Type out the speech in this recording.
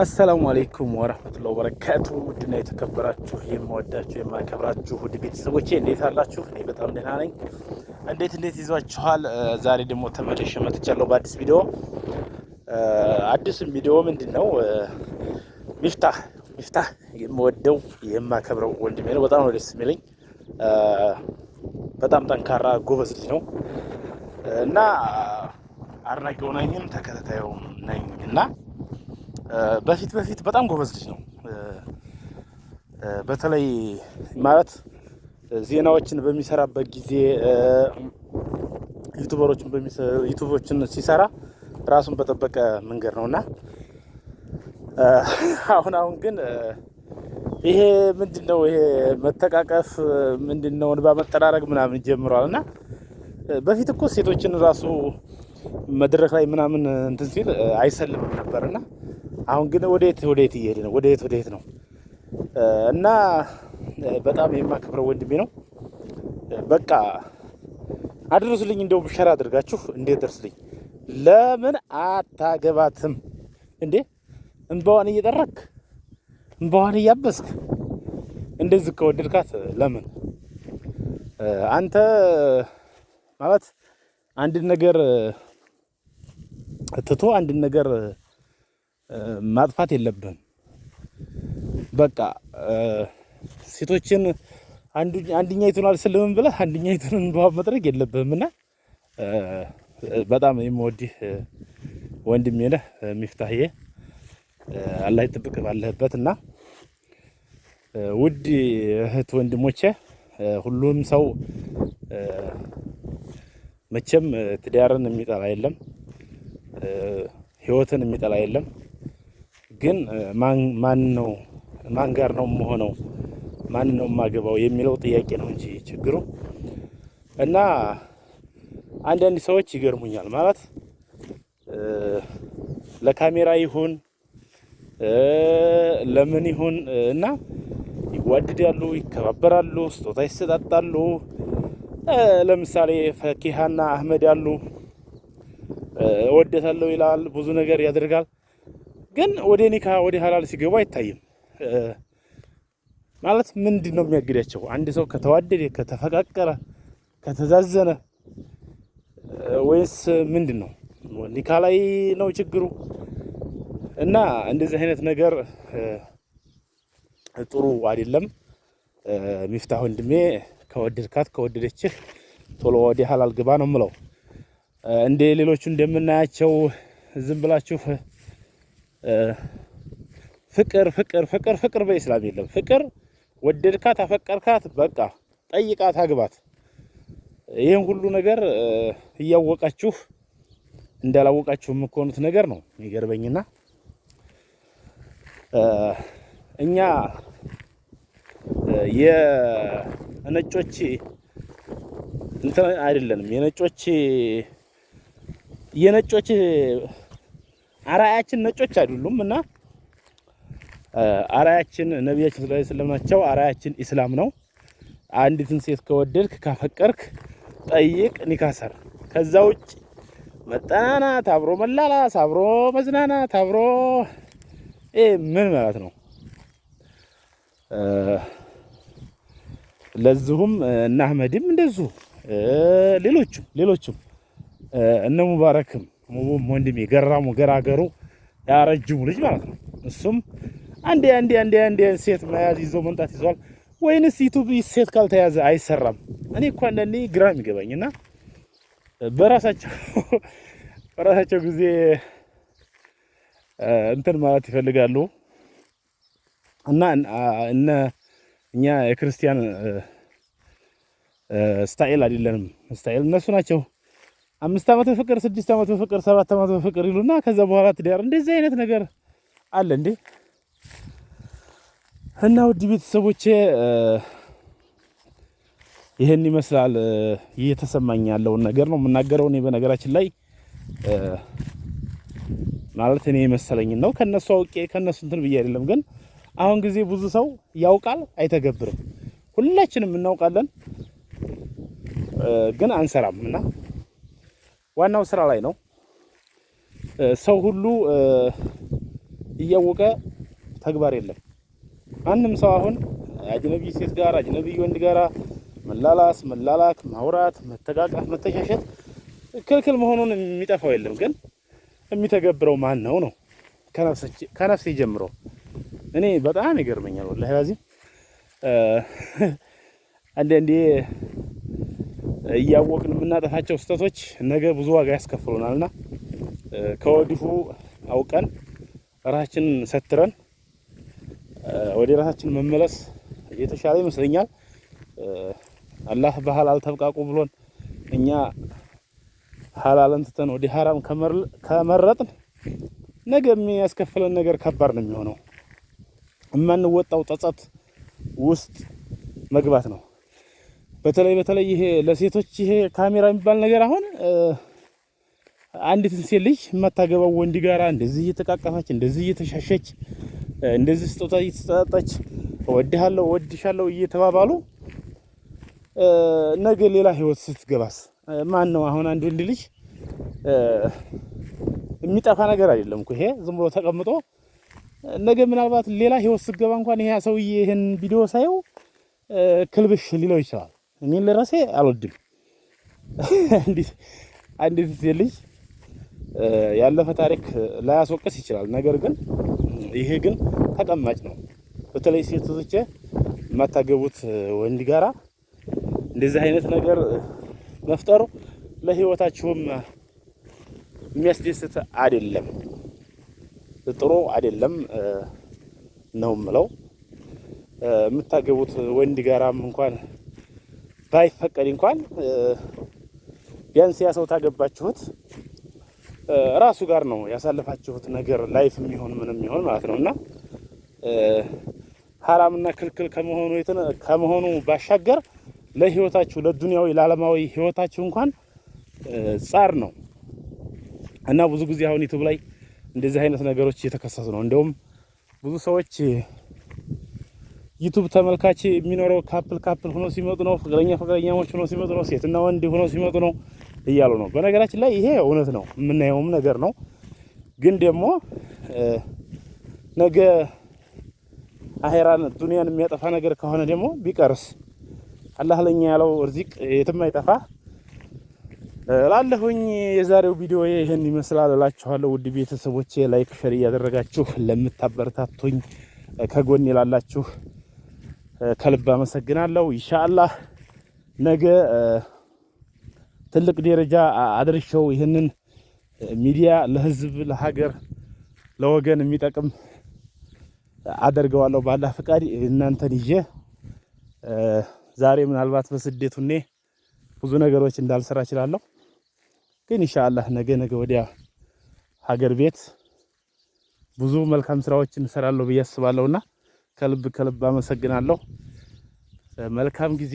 አሰላሙ አሌይኩም ወረህመቱላ ወበረካቱ። ውድና የተከበራችሁ የማወዳችሁ የማከብራችሁ ውድ ቤተሰቦቼ እንዴት አላችሁ? እኔ በጣም ደህና ነኝ። እንዴት እንዴት ይዟችኋል? ዛሬ ደግሞ ተመልሼ መጥቻለሁ በአዲስ ቪዲዮ። አዲሱም ቪዲዮ ምንድን ነው? ሚፍታህ ሚፍታህ የምወደው የማከብረው ወንድሜ ነው። በጣም ነው ደስ የሚለኝ። በጣም ጠንካራ ጎበዝ ልጅ ነው እና አድናቂው ነኝም ተከታታዩ ነኝ እና በፊት በፊት በጣም ጎበዝ ልጅ ነው። በተለይ ማለት ዜናዎችን በሚሰራበት ጊዜ ዩቱቦችን ሲሰራ ራሱን በጠበቀ መንገድ ነው እና አሁን አሁን ግን ይሄ ምንድን ነው? ይሄ መተቃቀፍ ምንድን ነው? እንባ መጠራረግ ምናምን ጀምሯል እና በፊት እኮ ሴቶችን ራሱ መድረክ ላይ ምናምን እንትን ሲል አይሰልምም ነበር እና አሁን ግን ወዴት ወዴት እየሄድ ነው? ወዴት ወዴት ነው? እና በጣም የማከብረው ወንድሜ ነው። በቃ አድርሱልኝ፣ እንደው ሸራ አድርጋችሁ እንዴት ደርስልኝ። ለምን አታገባትም እንዴ? እንባዋን እየጠረክ እንባዋን እያበስክ እንደዚህ ከወደድካት ለምን አንተ ማለት አንድን ነገር ትቶ አንድን ነገር ማጥፋት የለብህም። በቃ ሴቶችን አንድኛ ይቱን አልስልምም ብለህ ይቱን እንባብ መጥረግ የለብህም እና በጣም የምወድህ ወንድሜ ነህ ሚፍታህዬ። አላህ ይጠብቅ ባለህበት እና ውድ እህት ወንድሞቼ ሁሉም ሰው መቼም ትዳርን የሚጠላ የለም፣ ህይወትን የሚጠላ የለም። ግን ማን ነው ማን ጋር ነው የምሆነው ማን ነው የማገባው የሚለው ጥያቄ ነው እንጂ ችግሩ እና አንዳንድ ሰዎች ይገርሙኛል። ማለት ለካሜራ ይሁን ለምን ይሁን እና ይዋደዳሉ፣ ይከባበራሉ፣ ስጦታ ይሰጣጣሉ። ለምሳሌ ፈኪሃና አህመድ ያሉ እወደታለሁ ይላል፣ ብዙ ነገር ያደርጋል። ግን ወደ ኒካ ወደ ሀላል ሲገቡ አይታይም። ማለት ምንድን ነው የሚያግዳቸው? አንድ ሰው ከተዋደደ፣ ከተፈቃቀረ፣ ከተዛዘነ ወይስ ምንድን ነው? ኒካ ላይ ነው ችግሩ። እና እንደዚህ አይነት ነገር ጥሩ አይደለም። ሚፍታህ ወንድሜ ከወደድካት ከወደደችህ ቶሎ ወደ ሀላል ግባ ነው የምለው። እንደ ሌሎቹ እንደምናያቸው ዝም ብላችሁ ፍቅር ፍቅር ፍቅር ፍቅር በኢስላም የለም። ፍቅር ወደድካት፣ አፈቀርካት፣ በቃ ጠይቃት፣ አግባት። ይህን ሁሉ ነገር እያወቃችሁ እንዳላወቃችሁ የምትሆኑት ነገር ነው የሚገርበኝና እኛ የነጮች እንትን አይደለንም የነጮች የነጮች አራያችን ነጮች አይደሉም እና አራያችን ነቢያችን ሰለላሁ ዐለይሂ ወሰለም ናቸው። አራያችን ኢስላም ነው። አንዲትን ሴት ከወደድክ ካፈቀርክ ጠይቅ፣ ኒካሰር። ከዛ ውጭ መጠናናት፣ አብሮ መላላስ፣ አብሮ መዝናናት፣ አብሮ ምን ማለት ነው? ለዚሁም እነ አህመድም እንደዚሁ ሌሎቹም ሌሎቹም እነ ሙባረክም ሙሙም ወንድሜ ገራሙ ገራገሩ ያረጅሙ ልጅ ማለት ነው። እሱም አንዴ አንዴ አንዴ አንዴ ሴት መያዝ ይዞ መምጣት ይዟል። ወይንስ ዩቱብ ሴት ካልተያዘ አይሰራም? እኔ እኮ አንዳንዴ ግራም ይገባኝና በራሳቸው በራሳቸው ጊዜ እንትን ማለት ይፈልጋሉ እና እነ እኛ የክርስቲያን ስታይል አይደለንም። ስታይል እነሱ ናቸው አምስት ዓመት በፍቅር ስድስት ዓመት በፍቅር ሰባት ዓመት በፍቅር ይሉና ከዛ በኋላ ትዳር። እንደዚህ አይነት ነገር አለ እንዴ! እና ውድ ቤተሰቦቼ ይህን ይመስላል እየተሰማኝ ያለውን ነገር ነው የምናገረው። እኔ በነገራችን ላይ ማለት እኔ የመሰለኝን ነው ከነሱ አውቄ ከነሱ እንትን ብዬ አይደለም። ግን አሁን ጊዜ ብዙ ሰው ያውቃል አይተገብርም። ሁላችንም እናውቃለን ግን አንሰራም እና ዋናው ስራ ላይ ነው። ሰው ሁሉ እያወቀ ተግባር የለም። ማንም ሰው አሁን አጅነቢ ሴት ጋር አጅነቢ ወንድ ጋር መላላስ፣ መላላክ፣ ማውራት፣ መተቃቃፍ፣ መተሻሸት ክልክል መሆኑን የሚጠፋው የለም። ግን የሚተገብረው ማን ነው ነው ከነፍሴ ጀምሮ እኔ በጣም ይገርመኛል ወላሂ። ላዚም አንዳንዴ እያወቅን የምናጠፋቸው ስህተቶች ነገ ብዙ ዋጋ ያስከፍሉናልና ከወዲሁ አውቀን ራሳችን ሰትረን ወደ ራሳችን መመለስ የተሻለ ይመስለኛል። አላህ በሐላል ተብቃቁ ብሎን እኛ ሐላልን ትተን ወደ ሐራም ከመረጥን ነገ የሚያስከፍለን ነገር ከባድ ነው የሚሆነው። የማንወጣው ጸጸት ውስጥ መግባት ነው። በተለይ በተለይ ይሄ ለሴቶች ይሄ ካሜራ የሚባል ነገር አሁን አንዲትን ሴት ልጅ የማታገባው ወንድ ጋራ እንደዚህ እየተቃቀፈች እንደዚህ እየተሻሸች እንደዚህ ስጦታ እየተሰጣጣች እወድሃለሁ እወድሻለሁ እየተባባሉ ነገ ሌላ ህይወት ስትገባስ ማን ነው አሁን አንድ ወንድ ልጅ የሚጠፋ ነገር አይደለም እኮ ይሄ ዝም ብሎ ተቀምጦ ነገ ምናልባት ሌላ ህይወት ስትገባ እንኳን ይሄ ሰውዬ ይህን ቪዲዮ ሳየው ክልብሽ ሊለው ይችላል እኔ ለራሴ አልወድም። አንዲት ሴት ልጅ ያለፈ ታሪክ ላያስወቅስ ይችላል። ነገር ግን ይሄ ግን ተቀማጭ ነው። በተለይ ሴቶች የማታገቡት ወንድ ጋራ እንደዚህ አይነት ነገር መፍጠሩ ለህይወታችሁም የሚያስደስት አይደለም፣ ጥሩ አይደለም ነው ምለው የምታገቡት ወንድ ጋራም እንኳን ባይፈቀድ እንኳን ቢያንስ ያ ሰው ታገባችሁት ራሱ ጋር ነው ያሳለፋችሁት ነገር ላይፍ የሚሆን ምንም የሚሆን ማለት ነው እና ሀራምና ክልክል ከመሆኑ ከመሆኑ ባሻገር ለህይወታችሁ ለዱንያዊ ለዓለማዊ ህይወታችሁ እንኳን ጻር ነው እና ብዙ ጊዜ አሁን ዩቱብ ላይ እንደዚህ አይነት ነገሮች እየተከሰቱ ነው። እንደውም ብዙ ሰዎች ዩቱብ ተመልካች የሚኖረው ካፕል ካፕል ሆኖ ሲመጡ ነው፣ ፍቅረኛ ፍቅረኛሞች ሆኖ ሲመጡ ነው፣ ሴትና ወንድ ሆኖ ሲመጡ ነው እያሉ ነው። በነገራችን ላይ ይሄ እውነት ነው፣ የምናየውም ነገር ነው። ግን ደግሞ ነገ አሄራን ዱኒያን የሚያጠፋ ነገር ከሆነ ደግሞ ቢቀርስ አላህ ለኛ ያለው እርዚቅ የትም አይጠፋ ላለሁኝ። የዛሬው ቪዲዮ ይህን ይመስላል እላችኋለሁ። ውድ ቤተሰቦቼ ላይክ ሸር እያደረጋችሁ ለምታበረታቱኝ ከጎን ይላላችሁ ከልብ አመሰግናለሁ። ኢንሻአላህ ነገ ትልቅ ደረጃ አድርሸው ይህንን ሚዲያ ለህዝብ፣ ለሀገር፣ ለወገን የሚጠቅም አደርገዋለሁ ባላ ፈቃድ እናንተን ይዤ ዛሬ ምናልባት በስደት ሁኔ ብዙ ነገሮች እንዳልሰራ እችላለሁ፣ ግን ኢንሻአላህ ነገ ነገ ወዲያ ሀገር ቤት ብዙ መልካም ስራዎችን እሰራለሁ ብዬ አስባለሁና ከልብ ከልብ አመሰግናለሁ። መልካም ጊዜ